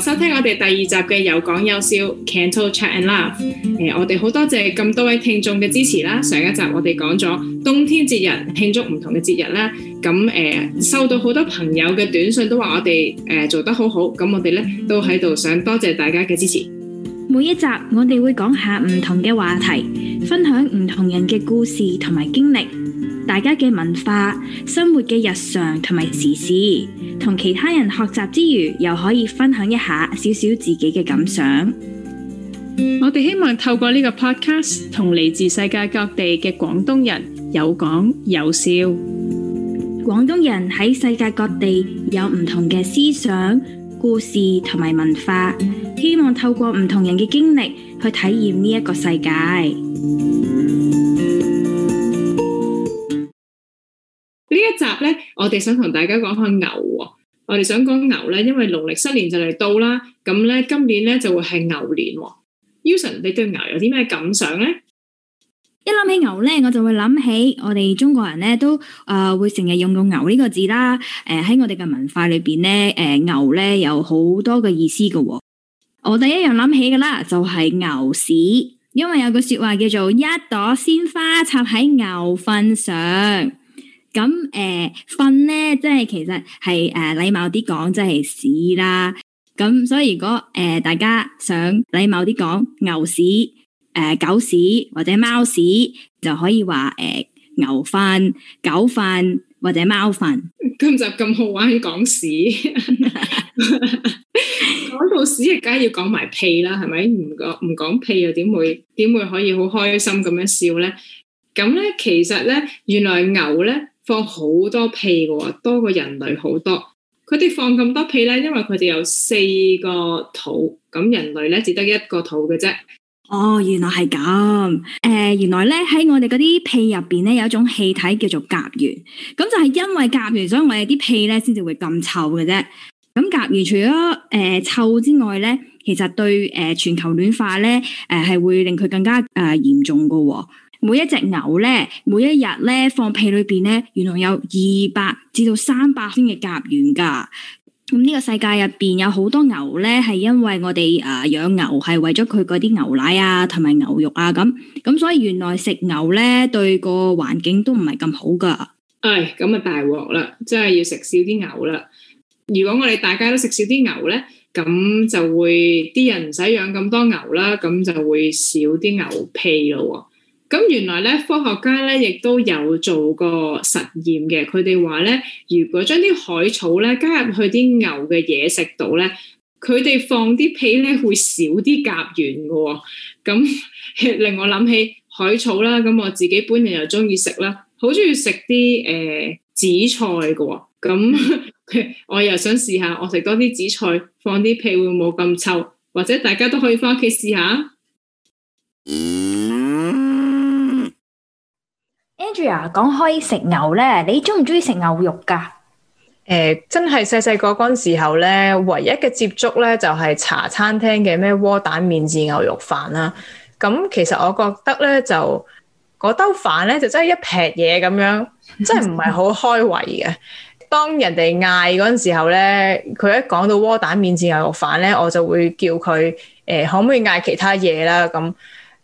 收聽我哋第二集嘅有講有笑，Canto Chat and Laugh。呃、我哋好多謝咁多位聽眾嘅支持啦。上一集我哋講咗冬天節日慶祝唔同嘅節日啦。咁、呃、收到好多朋友嘅短信都話我哋、呃、做得好好。咁我哋呢都喺度想多謝大家嘅支持。每一集我哋會講下唔同嘅話題，分享唔同人嘅故事同埋經歷。大家嘅文化、生活嘅日常同埋時事，同其他人學習之餘，又可以分享一下少少自己嘅感想。我哋希望透過呢個 Podcast，同嚟自世界各地嘅廣東人有講有笑。廣東人喺世界各地有唔同嘅思想、故事同埋文化，希望透過唔同人嘅經歷去體驗呢一個世界。我哋想同大家講下牛、喎，我哋想講牛咧，因為農曆新年就嚟到啦，咁咧今年咧就會係牛年、喎。Uson，你對牛有啲咩感想咧？一諗起牛咧，我就會諗起我哋中國人咧都誒、呃、會成日用到牛呢個字啦。誒、呃、喺我哋嘅文化裏邊咧，誒、呃、牛咧有好多個意思嘅、喎。我第一樣諗起嘅啦，就係牛屎，因為有個說話叫做一朵鮮花插喺牛糞上。咁誒瞓咧，即係其實係誒、呃、禮貌啲講，即係屎啦。咁所以如果誒、呃、大家想禮貌啲講牛屎、誒、呃、狗屎或者貓屎，就可以話誒、呃、牛瞓、狗瞓或者貓瞓。今集咁好玩講屎， 講到屎，梗係要講埋屁啦，係咪？唔講唔講屁又點會點會可以好開心咁樣笑咧？咁咧其實咧，原來牛咧。牛呢放好多屁嘅、哦、喎，多過人類好多。佢哋放咁多屁咧，因為佢哋有四個肚，咁人類咧只得一個肚嘅啫。哦，原來係咁。誒、呃，原來咧喺我哋嗰啲屁入邊咧有一種氣體叫做甲烷，咁就係因為甲烷，所以我哋啲屁咧先至會咁臭嘅啫。咁甲烷除咗誒、呃、臭之外咧，其實對誒、呃、全球暖化咧誒係會令佢更加誒、呃、嚴重嘅喎、哦。每一隻牛咧，每一日咧放屁裏邊咧，原來有二百至到三百升嘅甲烷噶。咁、嗯、呢、呢個世界入邊有好多牛咧，係因為我哋啊、呃、養牛係為咗佢嗰啲牛奶啊同埋牛肉啊咁。咁、嗯、所以原來食牛咧對個環境都唔係咁好噶。唉，咁啊大鑊啦，真、就、係、係、要食少啲牛啦。如果我哋大家都食少啲牛咧，咁就會啲人唔使養咁多牛啦，咁就會少啲牛屁咯、哦。咁原來咧，科學家咧亦都有做過實驗嘅。佢哋話咧，如果將啲海草咧加入去啲牛嘅嘢食度咧，佢哋放啲屁咧會少啲甲烷㗎喎。咁 令我諗起海草啦。咁我自己本人又中意食啦，好中意食啲誒紫菜㗎喎。咁 我又想試下，我食多啲紫菜，放啲屁會唔會冇咁臭。或者大家都可以返屋企試下。嗯 Angela 講開食牛咧，你中唔中意食牛肉噶？誒、呃，真係細細個嗰陣時候咧，唯一嘅接觸咧就係茶餐廳嘅咩窩蛋免治牛肉飯啦。咁、嗯嗯、其實我覺得咧，就嗰兜飯咧就真係一劈嘢咁樣，真係唔係好開胃嘅。 當人哋嗌嗰陣時候咧，佢一講到窩蛋免治牛肉飯咧，我就會叫佢誒、呃，可唔可以嗌其他嘢啦？咁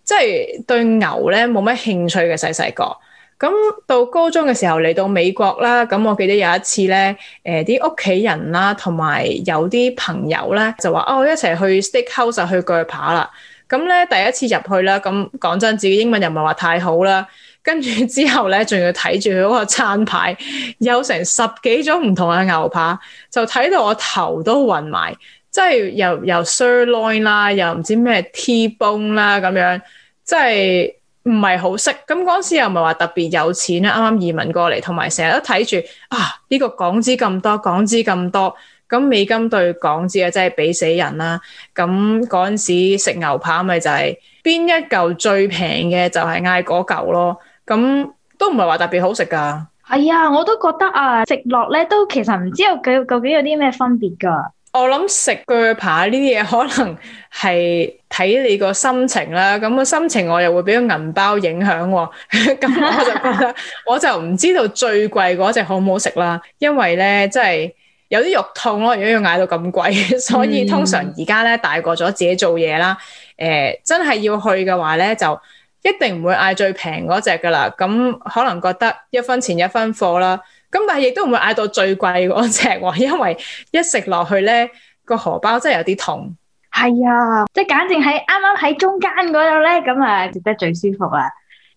即係對牛咧冇乜興趣嘅，細細個。咁到高中嘅時候嚟到美國啦，咁我記得有一次咧，誒啲屋企人啦，同埋有啲朋友咧，就話：哦，一齊去 Steakhouse 去鋸扒啦。咁咧第一次入去啦，咁講真，自己英文又唔係話太好啦。跟住之後咧，仲要睇住嗰個餐牌，有成十幾種唔同嘅牛扒，就睇到我頭都暈埋，即係又有 Sirloin 啦，又唔知咩 T Bone 啦咁樣，即係。唔係好識，咁嗰陣時又唔係話特別有錢啦，啱啱移民過嚟，同埋成日都睇住啊呢個港紙咁多，港紙咁多，咁美金兌港紙啊真係比死人啦，咁嗰陣時食牛扒咪就係邊一嚿最平嘅就係嗌嗰嚿咯，咁都唔係話特別好食噶。係啊、哎，我都覺得啊，食落咧都其實唔知道佢究竟有啲咩分別噶。我諗食鋸扒呢啲嘢可能係睇你個心情啦，咁個心情我又會俾個銀包影響、啊，咁 我就覺得我就唔知道最貴嗰隻好唔好食啦，因為咧真係有啲肉痛咯，如果要嗌到咁貴，所以通常而家咧大個咗自己做嘢啦，誒、呃、真係要去嘅話咧就一定唔會嗌最平嗰隻噶啦，咁可能覺得一分錢一分貨啦。咁但係亦都唔會嗌到最貴嗰隻喎，因為一食落去咧個荷包真係有啲痛。係啊，即係簡淨喺啱啱喺中間嗰度咧，咁啊食得最舒服啊！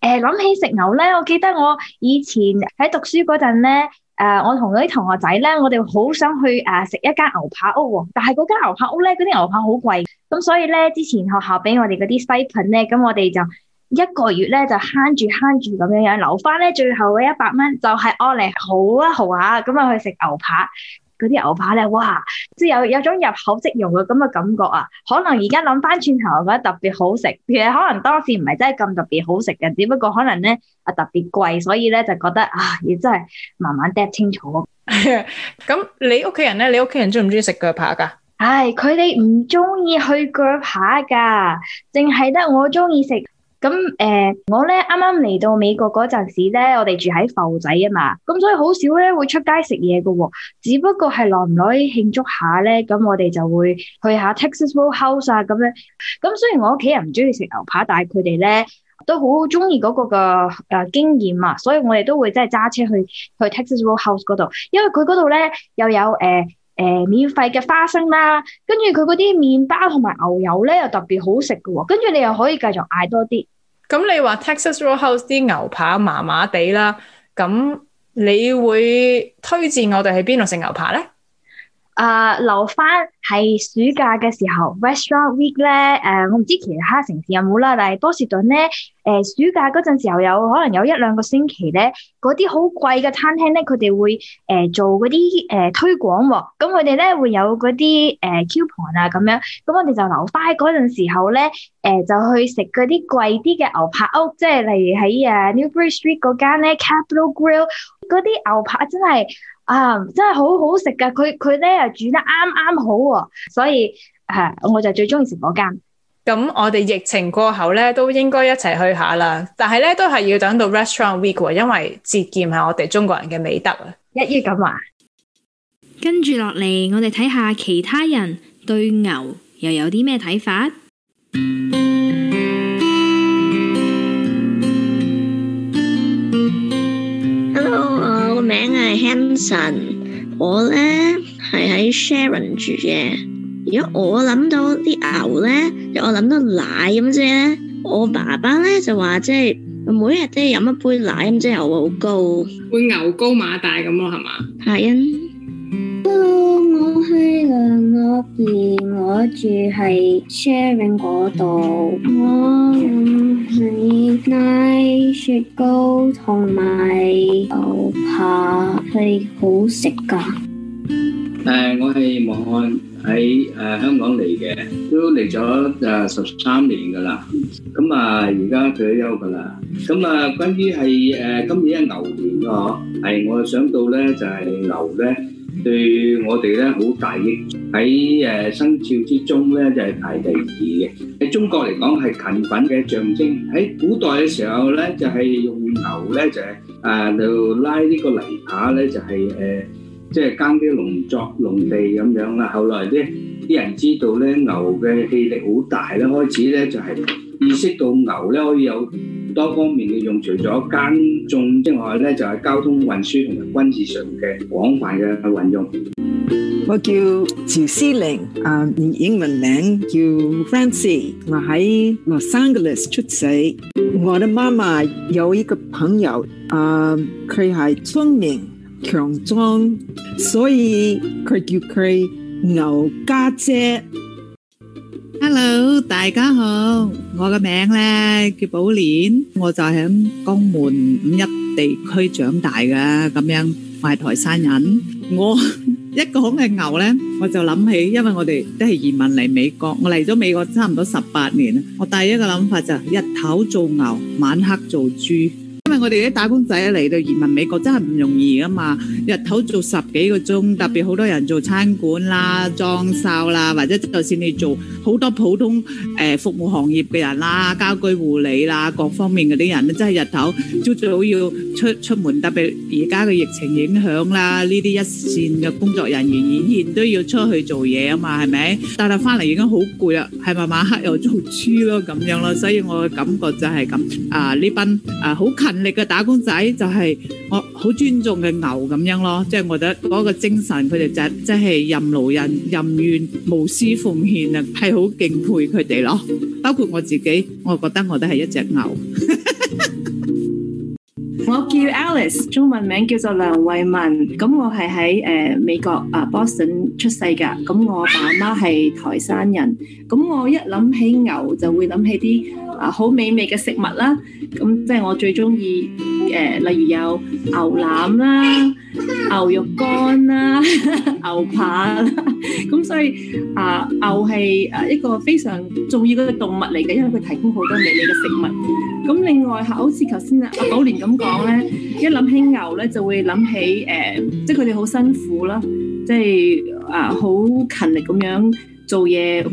誒、欸，諗起食牛咧，我記得我以前喺讀書嗰陣咧，誒、呃，我同啲同學仔咧，我哋好想去誒食、啊、一間牛扒屋，但係嗰間牛扒屋咧，嗰啲牛扒好貴，咁所以咧之前學校俾我哋嗰啲 spoon 咧，咁我哋就一個月，咧就慳住慳住咁樣樣，留翻咧最後嘅一百蚊，就係我嚟。好啊，豪下咁啊，去食牛扒，嗰啲牛扒咧，哇，即係有有種入口即溶嘅咁嘅感覺啊。可能而家諗翻轉頭，我覺得特別好食，其實可能當時唔係真係咁特別好食嘅，只不過可能咧，啊特別貴，所以咧就覺得啊，亦真係慢慢嗒清楚。咁 你屋企人咧？你屋企人中唔中意食鋸扒噶？唉、哎，佢哋唔中意去鋸扒噶，淨係得我中意食。咁誒、呃，我咧啱啱嚟到美國嗰陣時咧，我哋住喺埠仔啊嘛，咁所以好少咧會出街食嘢嘅喎，只不過係耐唔耐慶祝下咧，咁我哋就會去下 Texas Road House 啊咁樣。咁雖然我屋企人唔中意食牛扒，但係佢哋咧都好中意嗰個嘅誒、呃、經驗啊，所以我哋都會即係揸車去去 Texas Road House 嗰度，因為佢嗰度咧又有誒。呃誒、呃，免費嘅花生啦，跟住佢嗰啲麵包同埋牛油咧又特別好食㗎喎，跟住你又可以繼續嗌多啲。咁你話 Texas Roadhouse 啲牛扒麻麻地啦，咁你會推薦我哋去邊度食牛扒咧？誒、呃、留返喺暑假嘅時候，Restaurant Week 咧，誒、呃、我唔知其他城市有冇啦，但係波士頓咧，誒、呃、暑假嗰陣時候有可能有一兩個星期咧，嗰啲好貴嘅餐廳咧，佢哋會誒、呃、做嗰啲誒推廣喎、啊，咁佢哋咧會有嗰啲誒 coupon 啊咁樣，咁、嗯、我哋就留返喺嗰陣時候咧，誒、呃、就去食嗰啲貴啲嘅牛扒屋，即係例如喺啊 Newbury Street 嗰間咧 Capital Grill，嗰啲牛扒真係～啊，真係好好食噶！佢佢咧又煮得啱啱好喎，所以係、啊、我就最中意食嗰間。咁、嗯、我哋疫情過後咧都應該一齊去一下啦，但係咧都係要等到 Restaurant Week，因為節儉係我哋中國人嘅美德啊！一於咁話！跟住落嚟，我哋睇下其他人對牛又有啲咩睇法。名係 Hanson，我咧係喺 Sharon 住嘅。如果我諗到啲牛咧，我諗到奶咁啫。我爸爸咧就話即係每日都飲一杯奶咁，即係牛會好高，會牛高馬大咁咯，係嘛？係啊，Hello，我係梁樂兒，我住喺 Sharon 嗰度，我。雪糕同埋牛扒係好食噶。誒、呃，我係武漢喺誒香港嚟嘅，都嚟咗誒十三年噶啦。咁、嗯、啊，而、呃、家退休噶啦。咁、嗯、啊、呃，關於係誒今年係牛年啊，嗬、呃，係我想到咧就係、是、牛咧。對我哋咧好大益，喺誒、呃、生肖之中咧就係排第二嘅。喺中國嚟講係勤奮嘅象徵。喺古代嘅時候咧就係、是、用牛咧就係誒就拉呢個泥耙咧就係誒即係耕啲農作農地咁樣啦。後來啲啲人知道咧牛嘅氣力好大咧，開始咧就係、是、意識到牛咧可以有多方面嘅用，除咗耕種之外咧，就係交通運輸同埋軍事上嘅廣泛嘅運用。我叫趙思玲，啊，英文名叫 Francie，我喺 Los Angeles 出世。我的媽媽有一個朋友，啊，佢係聰明強壯，所以佢叫佢牛家姐。hello，大家好，我嘅名咧叫寶蓮，我就喺江門五一地區長大嘅，咁樣我係台山人。我一講起牛咧，我就諗起，因為我哋都係移民嚟美國，我嚟咗美國差唔多十八年啦。我第一個諗法就日頭做牛，晚黑做豬。我哋啲打工仔嚟到移民美國真係唔容易噶嘛！日頭做十幾個鐘，特別好多人做餐館啦、裝修啦，或者就算你做好多普通誒服務行業嘅人啦、家居護理啦各方面嗰啲人，真係日頭朝早要出出門，特別而家嘅疫情影響啦，呢啲一線嘅工作人員仍然都要出去做嘢啊嘛，係咪？但係翻嚟已經好攰啦，係咪？晚黑又做豬咯咁樣咯，所以我嘅感覺就係咁啊！呢班啊好勤力。個打工仔就係我好尊重嘅牛咁樣咯，即係我覺得嗰個精神，佢哋就真係任勞任任怨無私奉獻啊，係好敬佩佢哋咯。包括我自己，我覺得我都係一隻牛。我叫 Alice，中文名叫做梁慧文，咁我係喺誒美國啊 Boston 出世噶，咁我阿爸阿媽係台山人，咁我一諗起牛就會諗起啲。啊！好美味嘅食物啦、啊，咁即係我最中意誒，例如有牛腩啦、啊、牛肉乾啦、啊 啊呃、牛扒啦，咁所以啊，牛係誒一個非常重要嘅動物嚟嘅，因為佢提供好多美味嘅食物。咁另外、啊、好似頭先阿寶蓮咁講咧，一諗起牛咧，就會諗起誒，即係佢哋好辛苦啦，即係啊好勤力咁樣做嘢。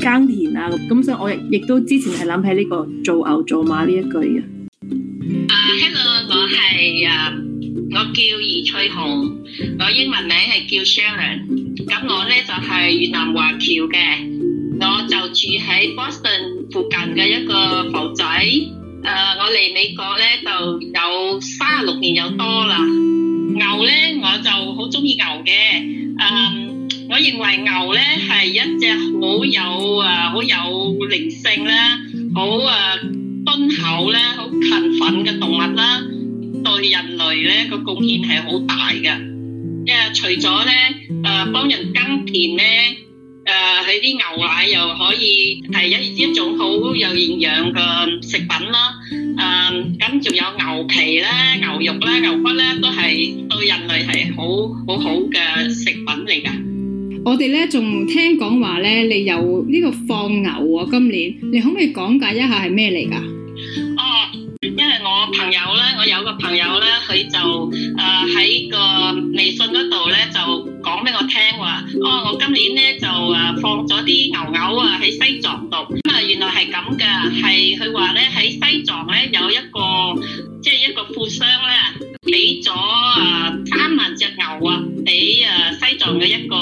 耕田啊，咁所以我亦都之前係諗起呢個做牛做馬呢一句嘅。啊，Hello，我係啊，我叫葉翠紅，我英文名係叫 Sharon。咁我咧就係越南華僑嘅，我就住喺 Boston 附近嘅一個房仔。誒，我嚟美國咧就有卅六年有多啦。牛咧，我就好中意牛嘅。誒。認為牛咧係一隻好有啊好有靈性啦，好啊敦厚啦，好勤奮嘅動物啦，對人類咧個貢獻係好大嘅。因為除咗咧誒幫人耕田咧，誒佢啲牛奶又可以係一一種好有營養嘅食品啦。誒咁仲有牛皮咧、牛肉咧、牛骨咧，都係對人類係好好好嘅食品嚟噶。我哋咧仲聽講話咧，你有呢個放牛啊？今年你可唔可以講解一下係咩嚟噶？哦，因為我朋友咧，我有個朋友咧，佢就誒喺個微信嗰度咧就講俾我聽話，哦，我今年咧就誒放咗啲牛牛啊喺西藏度。咁啊，原來係咁嘅，係佢話咧喺西藏咧有一個即係一個富商咧，俾咗誒三萬隻牛啊俾誒西藏嘅一個。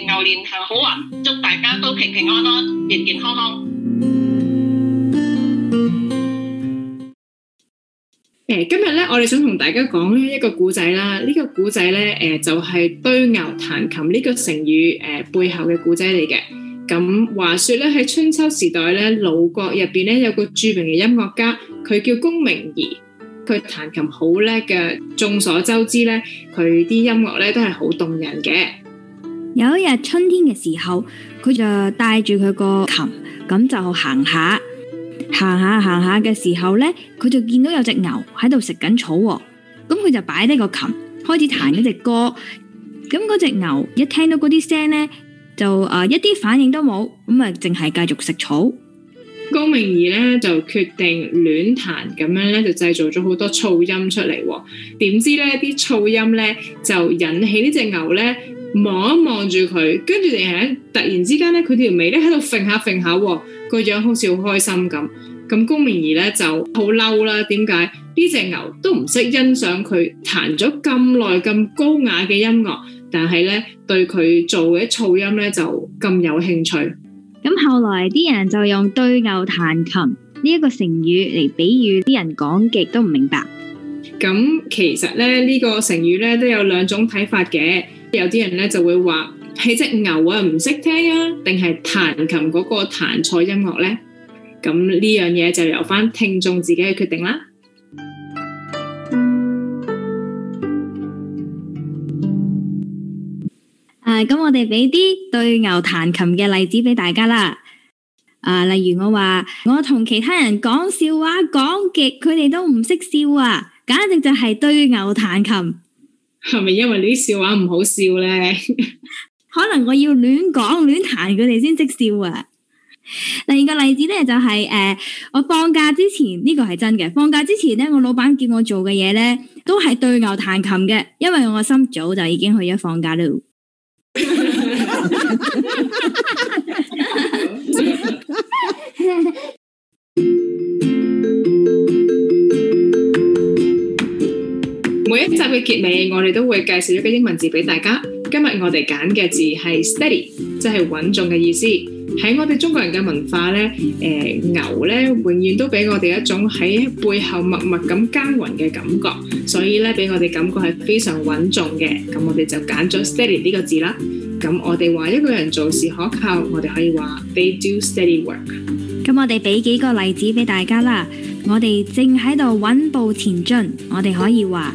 牛年行好運，啊，祝大家都平平安安、健健康康。誒，今日咧，我哋想同大家講一個古仔啦。這個、故呢個古仔咧，誒、呃，就係、是、對牛彈琴呢個成語誒、呃、背後嘅古仔嚟嘅。咁話說咧，喺春秋時代咧，魯國入邊咧有個著名嘅音樂家，佢叫公明儀，佢彈琴好叻嘅，眾所周知咧，佢啲音樂咧都係好動人嘅。有一日春天嘅時候，佢就帶住佢個琴，咁就行下行下行下嘅時候咧，佢就見到有隻牛喺度食緊草、哦，咁佢就擺低個琴，開始彈一隻歌，咁嗰隻牛一聽到嗰啲聲咧，就啊、呃、一啲反應都冇，咁啊淨係繼續食草。高明儀咧就決定亂彈，咁樣咧就製造咗好多噪音出嚟、哦，點知咧啲噪音咧就引起隻呢隻牛咧。望一望住佢，跟住啲人突然之間咧，佢條尾咧喺度揈下揈下，個樣好似好開心咁。咁公明儀咧就好嬲啦，點解呢隻牛都唔識欣賞佢彈咗咁耐咁高雅嘅音樂，但係咧對佢做嘅噪音咧就咁有興趣？咁後來啲人就用對牛彈琴呢一個成語嚟比喻啲人講極都唔明白。咁其實咧呢個成語咧都有兩種睇法嘅。有啲人咧就會話係隻牛啊，唔識聽啊，定係彈琴嗰個彈錯音樂呢？咁呢樣嘢就由翻聽眾自己去決定啦。誒、啊，咁我哋俾啲對牛彈琴嘅例子俾大家啦。啊，例如我話我同其他人講笑話、啊、講極，佢哋都唔識笑啊，簡直就係對牛彈琴。係咪因為呢啲笑話唔好笑咧？ 可能我要亂講亂彈佢哋先即笑啊！第二個例子咧就係、是、誒、呃，我放假之前呢、呢個係真嘅，放假之前咧我老闆叫我做嘅嘢咧都係對牛彈琴嘅，因為我心早就已經去咗放假咯。 每一集嘅結尾，我哋都會介紹一個英文字俾大家。今日我哋揀嘅字係 steady，即係穩重嘅意思。喺我哋中國人嘅文化呢，誒，牛呢永遠都俾我哋一種喺背後默默咁耕耘嘅感覺，所以呢俾我哋感覺係非常穩重嘅。咁我哋就揀咗 steady 呢個字啦。咁我哋話一個人做事可靠，我哋可以話 they do steady work。咁我哋俾幾個例子俾大家啦。我哋正喺度穩步前進，我哋可以話。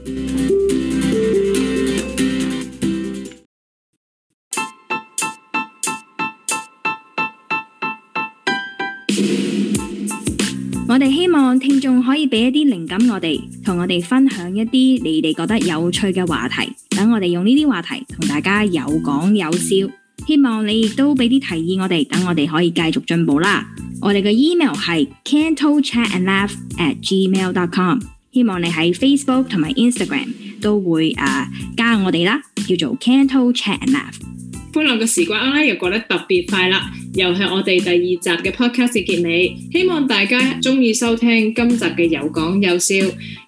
我哋希望聽眾可以俾一啲靈感我，我哋同我哋分享一啲你哋覺得有趣嘅話題，等我哋用呢啲話題同大家有講有笑。希望你亦都俾啲提議我哋，等我哋可以繼續進步啦。我哋嘅 email 係 canto chat and laugh at gmail dot com。希望你喺 Facebook 同埋 Instagram 都會啊、呃、加我哋啦，叫做 canto chat and laugh。歡樂嘅時光咧，又過得特別快啦～又係我哋第二集嘅 podcast 結尾，希望大家中意收聽今集嘅有講有笑，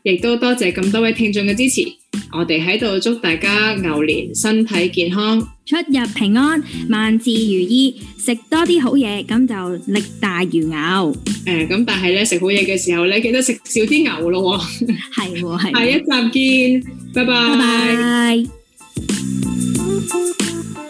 亦都多謝咁多位聽眾嘅支持。我哋喺度祝大家牛年身體健康，出入平安，萬事如意，食多啲好嘢，咁就力大如牛。誒，咁但係咧，食好嘢嘅時候咧，記得食少啲牛咯。係，係。下一集見，拜拜，拜拜。